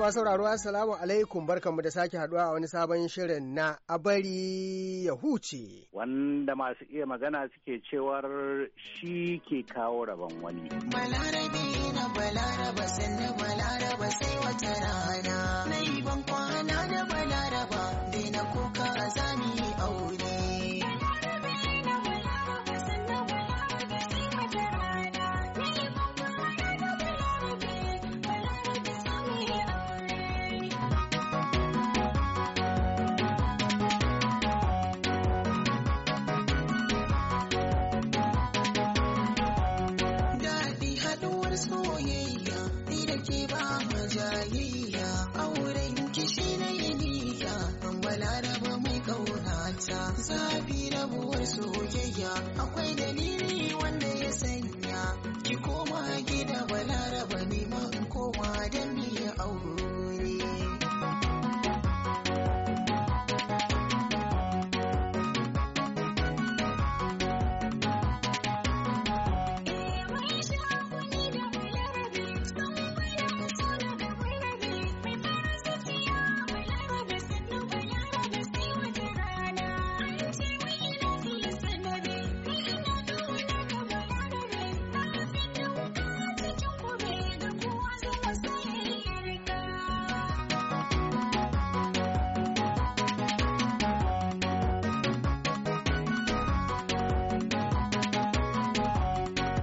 masu sauraro assalamu alaikum barkanmu da sake haduwa a wani sabon shirin na abari ya huce. Wanda masu iya magana suke cewar shi ke kawo rabon wani. Malarabi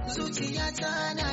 zuciya ta na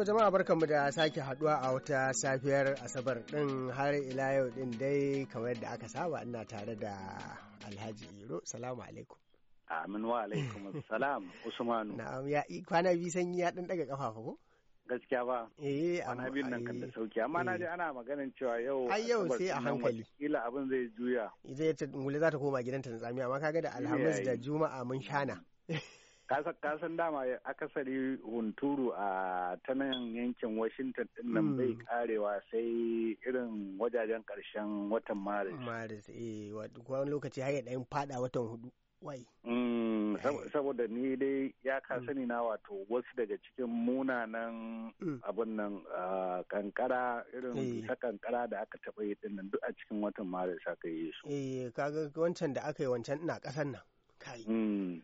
To jama'a barkanmu da sake haduwa a wata safiyar Asabar din har ila yau din dai kamar yadda aka saba ina tare da Alhaji Iro. Salamu alaikum. Amin wa alaikum salam Usmanu. Na'am ya kwana biyu sanyi ya dan daga kafafa ko? Gaskiya ba. Eh amma biyun nan kan da sauki amma na eh. ji ana maganin cewa yau ai yau sai a hankali. Kila abin zai juya. Zai ta ngule za ta koma gidanta na tsamiya amma kaga da Alhamis da Juma'a mun shana. kasan dama akasari hunturu a ta nan yankin washington din nan hmm. bai karewa sai irin wajajen karshen watan maris maris eh wani lokaci har ya yin fada watan hudu wai hmm, saboda ni dai ya ka hmm. sani na wato wasu daga cikin munanan abin nan kankara irin eh. ta kankara da aka taɓa yi din nan duk a cikin watan maris aka yi su eh kaga wancan da aka yi wancan ina kasan nan kai mm.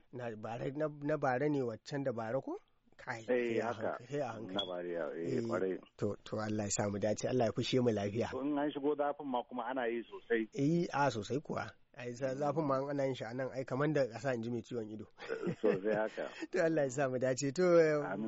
na bare ne waccan da bare ko kai eh haka sai a hankali na bare eh, eh kwarai to to Allah ya samu dace Allah ya fushe mu lafiya in an shigo zafin ma kuma ana yi sosai eh a sosai kuwa ai zafin ma ana yin shi a nan ai kamar da ƙasa in ji mai ciwon ido sosai haka to Allah ya sa mu dace to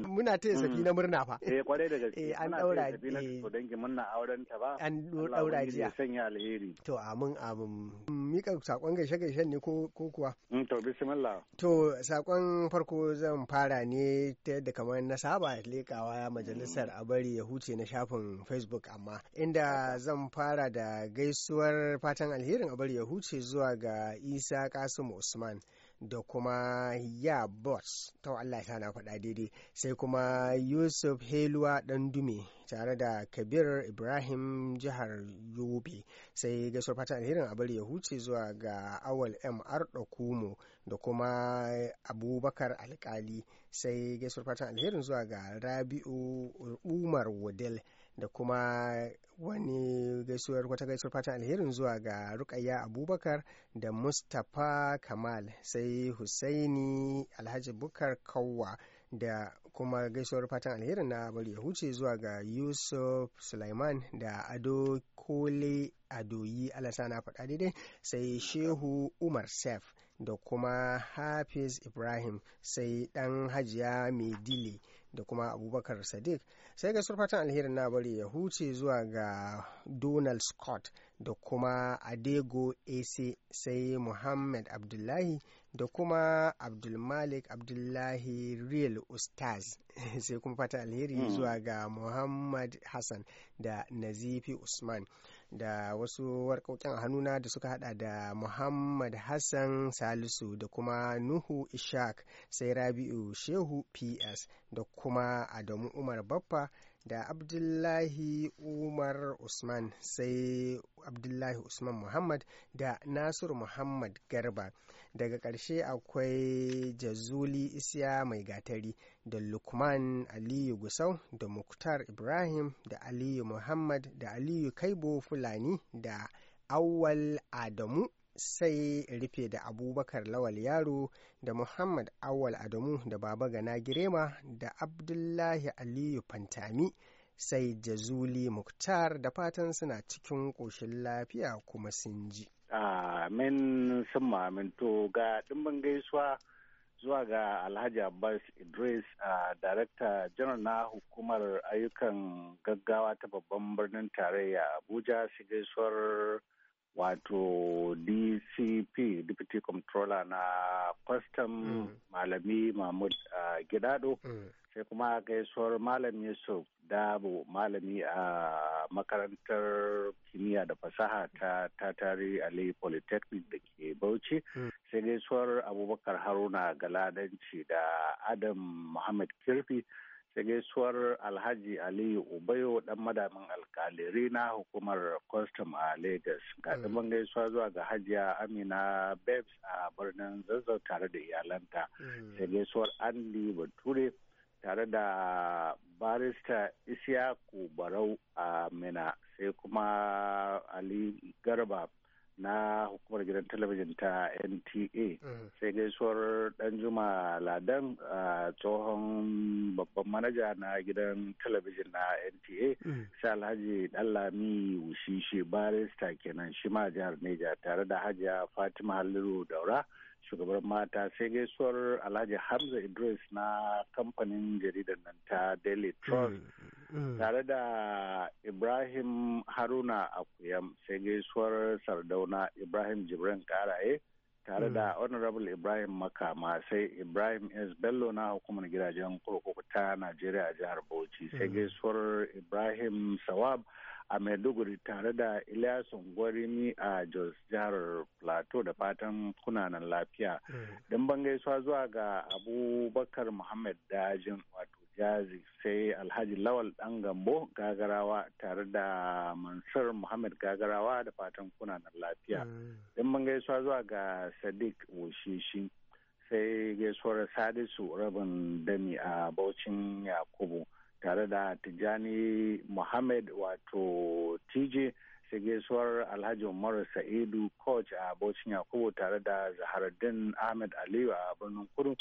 muna taya mm. safi na murna fa eh kwarai da gaske eh an daura eh ko dangi munna auren ta ba an daura jiya sanya alheri to amin amin mika sakon gaishe gaishe ne ko ko kuwa mm, to bismillah to sakon farko zan fara ne ta yadda kamar na saba lekawa majalisar a bari ya huce na shafin Facebook amma inda zan fara da gaisuwar fatan alherin a bari ya huce zuwa zuwa ga isa kasim usman da kuma ya boss ta allah ta na faɗa daidai sai kuma yusuf heluwa ɗan dume tare da kabir ibrahim jihar yobe sai gaisuwar fata alherin a bari ya huce zuwa ga awal mr dokumo da kuma abubakar alkali sai gaisuwar fatan alherin zuwa ga rabi'u umar wadel da kuma wani gaisuwar wata gaisuwar fatan alherin zuwa ga rukayya abubakar da mustapha kamal sai husaini alhaji bukar kawwa da kuma gaisuwar fatan alherin na bari ya huce zuwa ga yusuf sulaiman da ado kole adoyi alasa na faɗa daidai sai shehu umar sef da kuma hafiz ibrahim sai ɗan hajiya mai dile da kuma abubakar sadiq sai ga surfatan alherin na bari ya huce zuwa ga donald scott da kuma adego ac sai muhammad abdullahi da kuma abdulmalik abdullahi real ustaz sai kuma fatan alheri hmm. zuwa ga muhammad hassan da nazifi usman da wasu warkokin a hannuna da suka hada da muhammad hassan salisu da kuma nuhu ishaq sai rabi'u shehu ps da kuma adamu umar baffa da abdullahi umar usman sai abdullahi usman muhammad da nasiru muhammad garba daga ƙarshe akwai jazuli isiya mai gatari da lukman aliyu gusau da muktar ibrahim da aliyu muhammad da aliyu kaibo fulani da awal adamu sai rufe da abubakar lawal yaro da muhammad awal adamu da baba gana girema da abdullahi aliyu fantami sai jazuli muktar da fatan suna cikin ƙoshin lafiya kuma sun ji Amin sun maminto ga dimbin gaisuwa zuwa ga Alhaji Abbas Idris a Darakta Janar na hukumar ayyukan gaggawa ta babban birnin tarayya Abuja shi gaisuwar wato DCP Deputy Controller na Custom mm. Malami Mahmud Gidado mm. sai kuma gaisuwar malam yusuf dabo malami a makarantar kimiyya da fasaha ta tatari ali polytechnic da ke bauchi hmm. sai gaisuwar abubakar haruna galadanci da adam muhammad kirfi sai gaisuwar alhaji ali ubayo dan madamin alkaliri na hukumar kwastam a lagos ga hmm. gaisuwa zuwa ga hajiya amina babes a birnin zazzau tare da iyalanta hmm. sai gaisuwar andy bature tare da barista isyaku barau a mina sai kuma ali garba na hukumar gidan talabijin ta nta mm. sai gaisuwar danjuma ladan a tsohon babban manaja na gidan talabijin na nta mm. sai alhaji dallami wushishe barista kenan shima jihar neja tare da hajiya fatima halliru daura shugabar mata sai gaisuwar alhaji hamza idris na kamfanin jaridar nan ta daily trust mm, mm. tare da ibrahim haruna akuyam sai gaisuwar sardauna ibrahim jibrin karaye tare da mm. honorable ibrahim makama sai ibrahim s bello na hukumar gidajen kurkuku ta najeriya a jihar bauchi sai gaisuwar ibrahim sawab a maiduguri tare da ilyasun gwarimi a jos jihar plateau da fatan kunanan lafiya mm. don ban gaisuwa zuwa ga abubakar muhammad dajin wato jazi sai alhaji lawal dan gambo gagarawa tare da mansur muhammad gagarawa da fatan kunanan lafiya mm. don ban gaisuwa zuwa ga sadiq wushishi sai gaisuwar sadisu rabin dami a baucin yakubu tare da Tijjani Muhammad wato TJ sai gaisuwar Alhaji umar Sa'idu coach a abocin Yakubu tare da Zaharuddin Ahmed Aliyu a birnin Kudu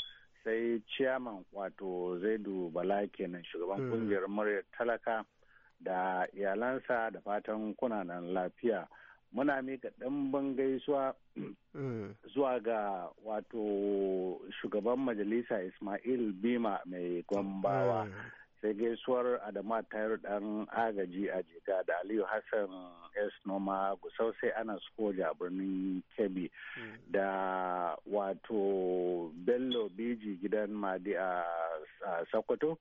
sai ciyaman wato Zaidu Bala kenan shugaban hmm. kungiyar muryar talaka da iyalansa da fatan kunanan lafiya. muna mika ɗan gaisuwa hmm. zuwa ga wato shugaban majalisa ismail bima mai gwambawa. Hmm. sai gaisuwar adama tayar dan agaji a jega da aliyu hassan s noma gusau sai ana soja a birnin kebbi mm. da wato bello biji gidan madi a sokoto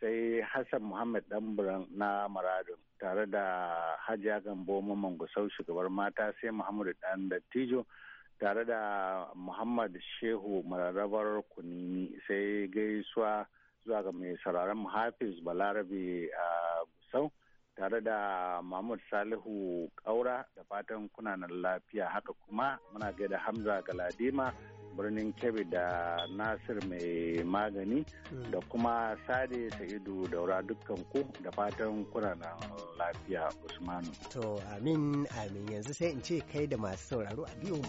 sai hassan muhammad ɗanburan na maradin tare da hajiya gambo mamman gusau shugabar mata sai muhammadu dan dattijo tare da muhammad shehu mararrabar kunini sai gaisuwa zuwa ga mai sauraron hafiz balarabe a gusau tare da mahmud salihu kaura da fatan kunanan lafiya haka kuma muna gaida hamza galadima birnin kebbi da nasir mai magani da kuma sade sa'idu daura dukkan ku da fatan kunanan lafiya usmanu to amin amin yanzu sai in ce kai da masu sauraro a biyu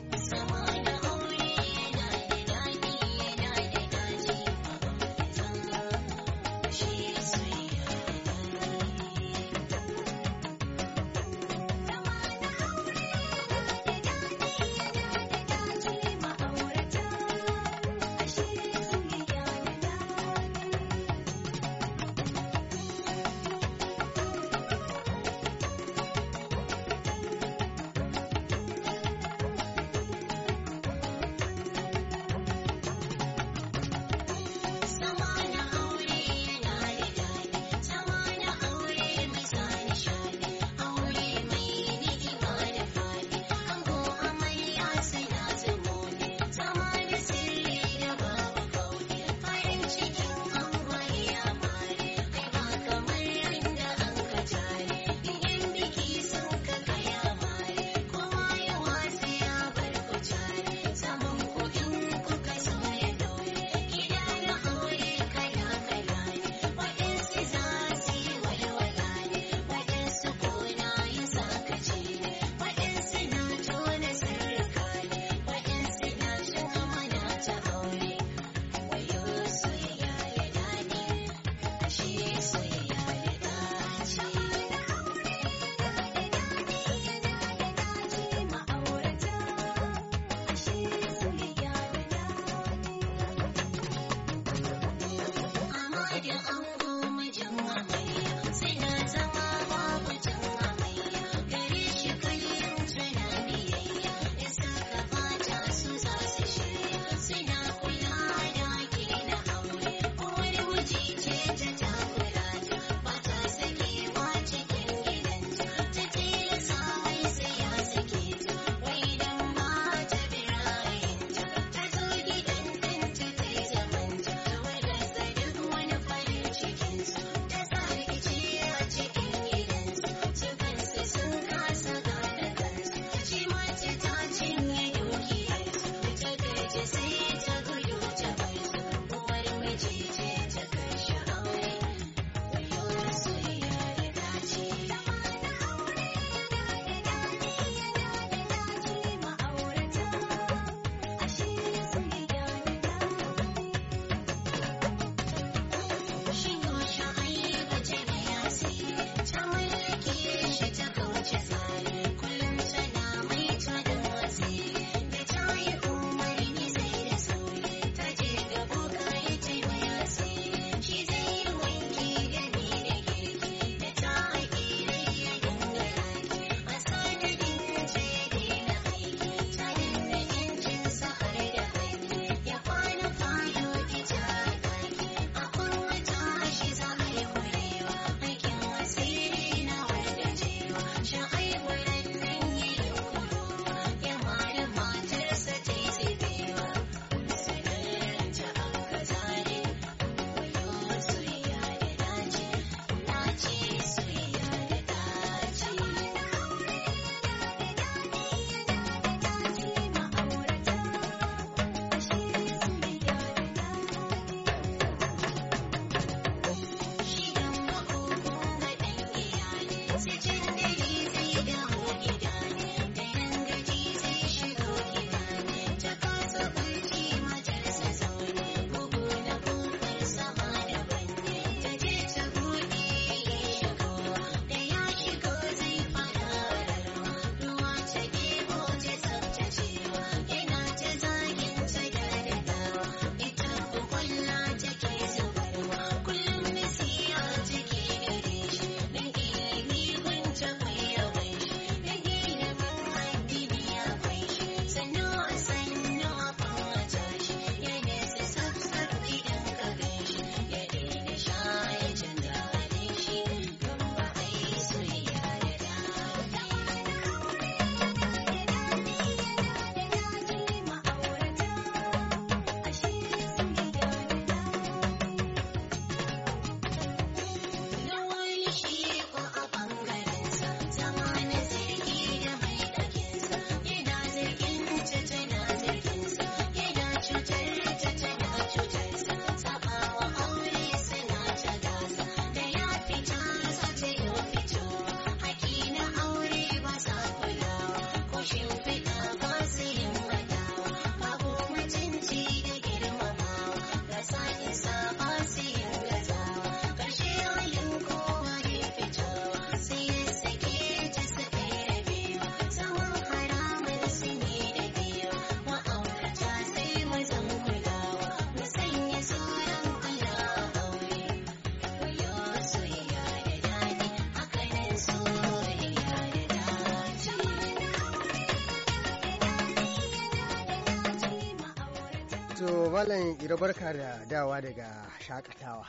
To Malam Iro barka da dawa daga shakatawa.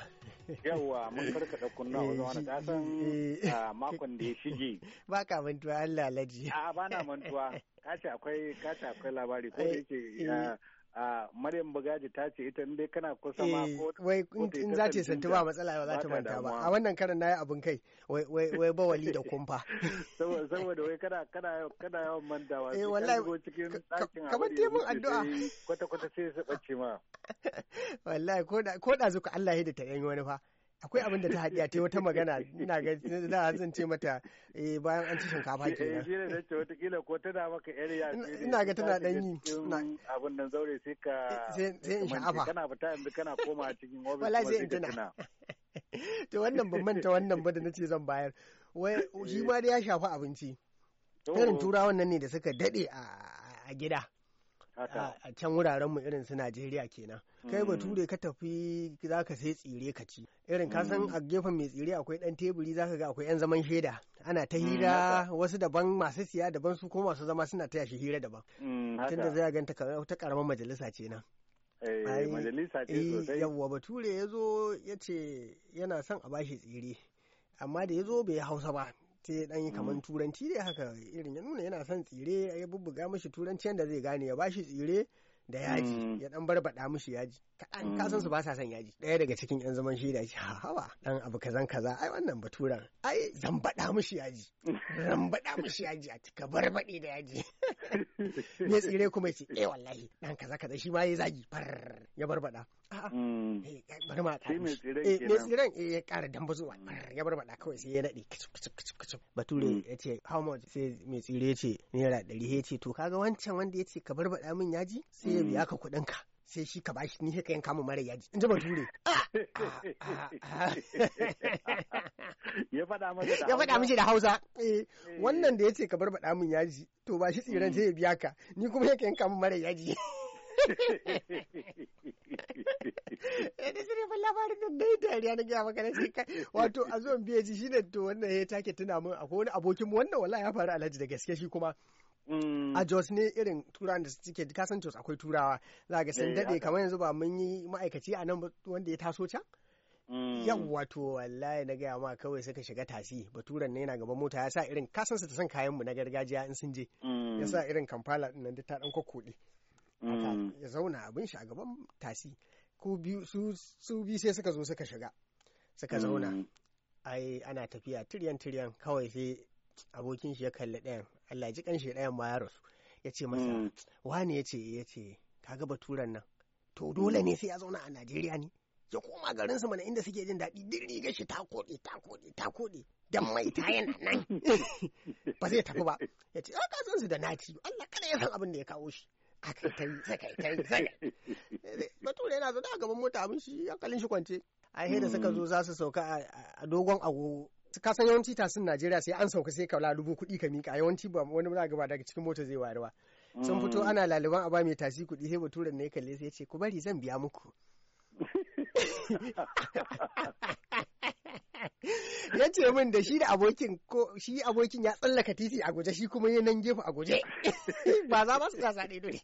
Yawwa mun da kunna wa eh, zuwa na san eh. ah, makon da ya shige. Ba ka mantuwa Allah laji. A ba na mantuwa. Kace akwai kace akwai labari ko da eh, yake ah, a Maryam Bagaji ta ce ita dai kana kusa ma eh, ko wai in za ta santi ba matsala ba za ta manta ba a wannan karan nayi abin kai wai wai wali da kumfa saboda wai kana kana kana yawan mantawa eh wallahi ko cikin dakin kamar dai mun addu'a kwata kwata sai su bace ma wallahi ko da ko da zuka Allah ya da ta yanyi wani fa akwai abin da ta haɗiya ta wata magana ina ga da zan ce mata eh, bayan an ci shinkafa eh, ke nan shi ne da ce wata kila ko tana maka area ina ga tana dan yi abin nan zaure sai ka eh, sai in shafa. kana fita yanzu kana koma cikin office wallahi sai in tuna to wannan ban manta wannan ba da nace zan bayar wai shi ma da ya shafa abinci irin turawan nan ne da suka dade a gida a can wuraren mu irin su Najeriya kenan kai hmm. bature ka tafi za ka sai tsire ka ci irin ka san hmm. a gefen mai tsire akwai dan teburi za ka ga akwai yan zaman shaida ana ta hmm, hira wasu daban masu siya daban su ko masu zama suna taya shi hira daban tunda zai ganta ta karamar majalisa ce nan eh, majalisa ce eh, sosai yawwa bature ya zo ya ce yana son a bashi tsire amma da ya zo bai hausa ba sai ya dan yi kamar turanci dai haka irin ya nuna yana son tsire ya bubbuga mashi turanci yadda zai gane ya bashi tsire da yaji mm. ya dan barbada mushi yaji kaɗan san su mm. ba sa son yaji daya daga cikin yan zaman shi da shi hawa dan abu kazan kaza ai wannan baturan ai bada mushi yaji bada mushi yaji a cika barbade da yaji ya tsire kuma ya ce eh wallahi dan kaza kaza shi ma ya zagi far ya barbada A'a, mm. eh, bari ma ƙara Me eh, tsiren eh ya ƙara dambazowa mm. ya barbada kawai sai ya nade kicip bature mm. ya ce how much sai mai tsire ce naira ɗari ya ce to kaga wancan wanda ya ce ka barbada min yaji sai ya biya ka kuɗin ka sai shi ka bashi ni sai ka yanka mu mara yaji in ji bature ah, ya faɗa masa ah. ya faɗa mishi da Hausa eh, wannan da ya ce ka barbada min yaji to ba shi tsiren sai ya biya ka ni kuma yake yanka mu mara yaji eh da sai labarin nan dai dariya na gaya maka sai kai wato a zuwan biyaji shine to wannan ya take tuna min akwai wani abokin mu wannan wallahi ya faru alhaji da gaske shi kuma mm. a Jos ne irin turawa da suke kasan Jos akwai turawa za ga san eh, dade kamar yanzu ba mun yi ma'aikaci a nan wanda ya taso can mm. yawwa to wallahi na gaya ma kawai suka shiga tasi baturan ne yana gaban mota ya sa irin kasansa ta san kayan mu na gargajiya in sun je mm. ya sa irin kampala nan ta dan kokkoɗe Mm. ya zauna abin shi a gaban tasi ko biyu su biyu sai suka zo suka shiga suka zauna mm. ai ana tafiya tiryan tiryan kawai sai abokin shi ya kalli ɗayan Allah ji kanshi ɗayan ma ya rasu ya ce masa mm. wani ya ce ya ce kaga baturan nan to dole ne sai ya zauna a Najeriya ne ya koma garin su mana inda suke jin daɗi duk rigar shi ta koɗe ta koɗe ta koɗe dan mai ta yana nan ba zai tafi ba ya ce ah, ka san su da naci Allah kada ya san abin da ya kawo shi aka ta yi saka ta yi saka eh, bature yana zaune a gaban mota abin shi kallin shi kwance ai da suka zo za su sauka a dogon agogo ka san yawanci tasin Najeriya sai an sauka sai ka lalubo kuɗi ka mika yawanci ba wani muna gaba daga cikin mota zai wayar ba sun fito mm. ana laliban a ba mai tasi kuɗi sai baturen ne kalle sai ya ce ku bari zan biya muku ya ce min da shi da abokin ko shi abokin ya tsallaka titi a guje shi kuma yanan gefe a guje ba za ba su gasa ɗaya dole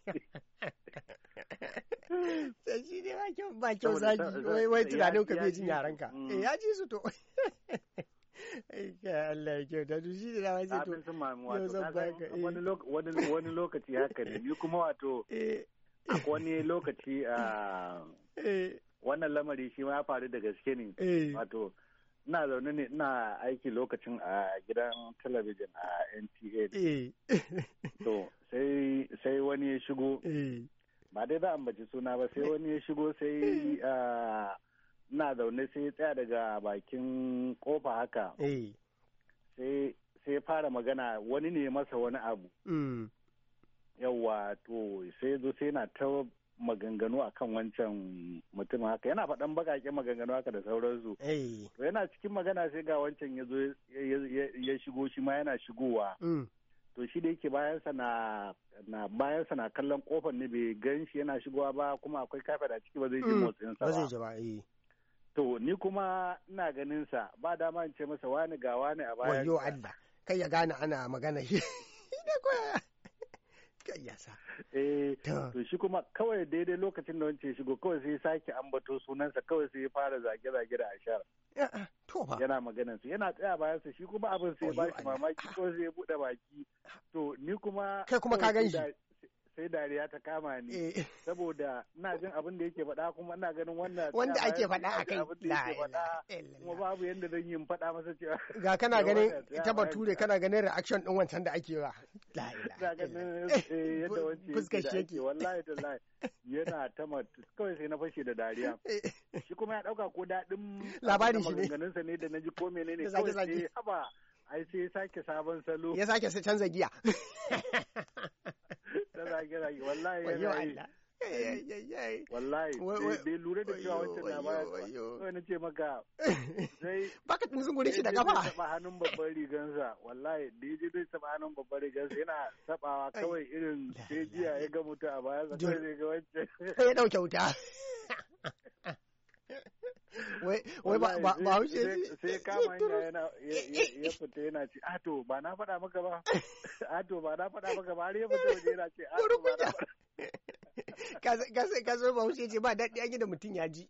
sai shi ne ba kyau ba zaki wai tunanin ka bai jin yaran ka mm. eh, ya ji su to Allah ya kyau da duk shi da na sai to yau zan baka eh. wani lokaci haka ne ni kuma wato eh. akwai wani lokaci ah, wannan lamari shi ma ya faru da gaske ne wato ina zaune ne ina aiki lokacin a gidan talabijin a nta eh. to sai wani ya shigo eh. ba dai za a ambaci suna ba sai wani ya shigo sai ina zaune sai ya tsaya daga bakin kofa haka eh. sai fara magana wani ne masa wani abu mm. yawwa to sai zo sai na ta maganganu a kan wancan mutum haka yana faɗan baƙaƙe maganganu haka da sauransu to yana cikin magana sai ga wancan ya zo ya shigo shi ma yana shigowa mm. to shi da yake bayansa na na kallon kofar ne bai gan shi yana shigowa ba kuma akwai kafa a ciki ba zai ji mm. sa ba zai ba eh to ni kuma ina ganin sa ba dama in ce masa wani ga wani a bayan wayo Allah kai ya gane ana magana shi suka iyasa. Eh, to shi kuma kawai daidai lokacin da wancan shigo kawai sai sake ambato sunansa kawai sai ya fara zage-zage da ashara. To ba. Yana magana su yana tsaya bayan su shi kuma abin sai ba shi mamaki ko sai ya bude baki. Ah. To ni kuma. Kai kuma ka gan shi. sai dariya ta kama ni eh. saboda ina jin abin da yake faɗa kuma ina ganin wannan wanda ake faɗa a kai kuma babu yadda zan yi in faɗa masa cewa ga kana ganin ita bature kana ganin reaction din wancan da ake wa la ila eh, yadda wancan fuskar shi yake wallahi tallahi yana ta kawai sai na fashe da dariya shi kuma ya dauka ko dadin labarin shi ne ganin sa ne da naji ko menene kawai sai haba ai sai ya sake sabon salo ya sake su canza giya ta wallahi yi wallahi bai lura da cewa wancan na ba kawai na ce maka sai baka tunzun shi da kafa hannun babban rigansa wallahi da yaje zai babban rigansa yana sabawa kawai irin sai jiya ya ga mutu a baya ya dauke wuta wai wai ba ba ba sai yana ya fita yana ce ba na faɗa maka ba ya fita waje ce ba daɗi an da mutum ya ji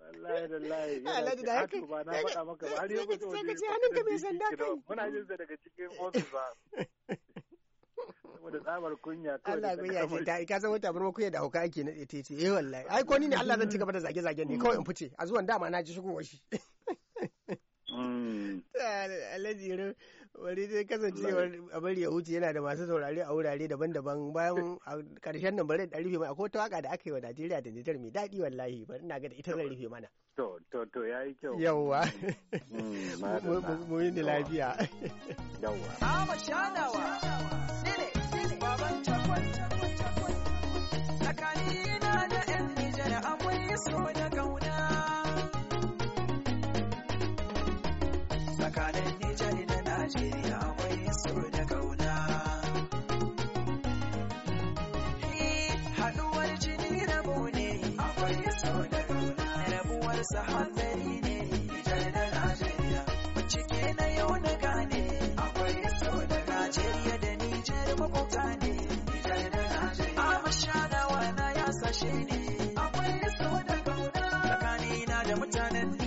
wallahi wallahi yana ce ba na faɗa maka ba har ya fita waje sai ka ce muna daga cikin ofis ba saboda tsabar kunya Allah kunya ce ta ka san wata barma kunya da hauka ake na tete eh wallahi ai ko ni ne Allah zan ci gaba da zage zage ne kawai in fice a zuwan dama na ji shigowar shi mm. ah, alajirin bari zai kasancewar a bari ya huce yana da masu saurare a wurare daban-daban bayan a karshen nan bari da rufe mai akwai ta waka da aka yi wa Najeriya da Nijar mai daɗi wallahi bari ina ga da ita zan rufe mana to to to yayi kyau yawwa mm. mm, mu yi lafiya yawwa ta shanawa da hatsari ne Nijar da Najeriya bincike na yau na gane akwai sau da Najeriya da Nijar makwabta ne Nijar da Najeriya amashanawa na ya sashe ne akwai sau da kauna tsakanina da mutanen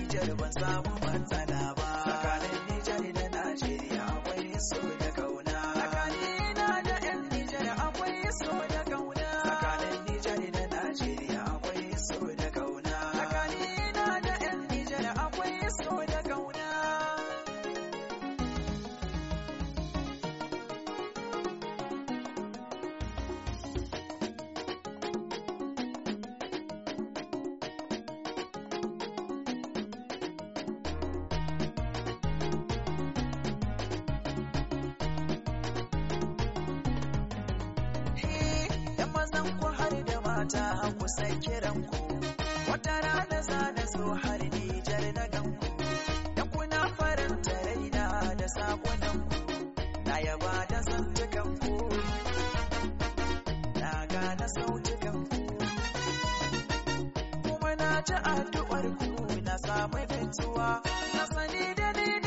mata a kusa kiran ku wata rana za na zo har Nijar na ganku ku da kuna faranta raina da sakonan ku na yaba da zantukan ku na gane sautukan ku kuma na ji addu'ar ku na samu bintuwa na sani da ni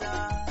ƙasa.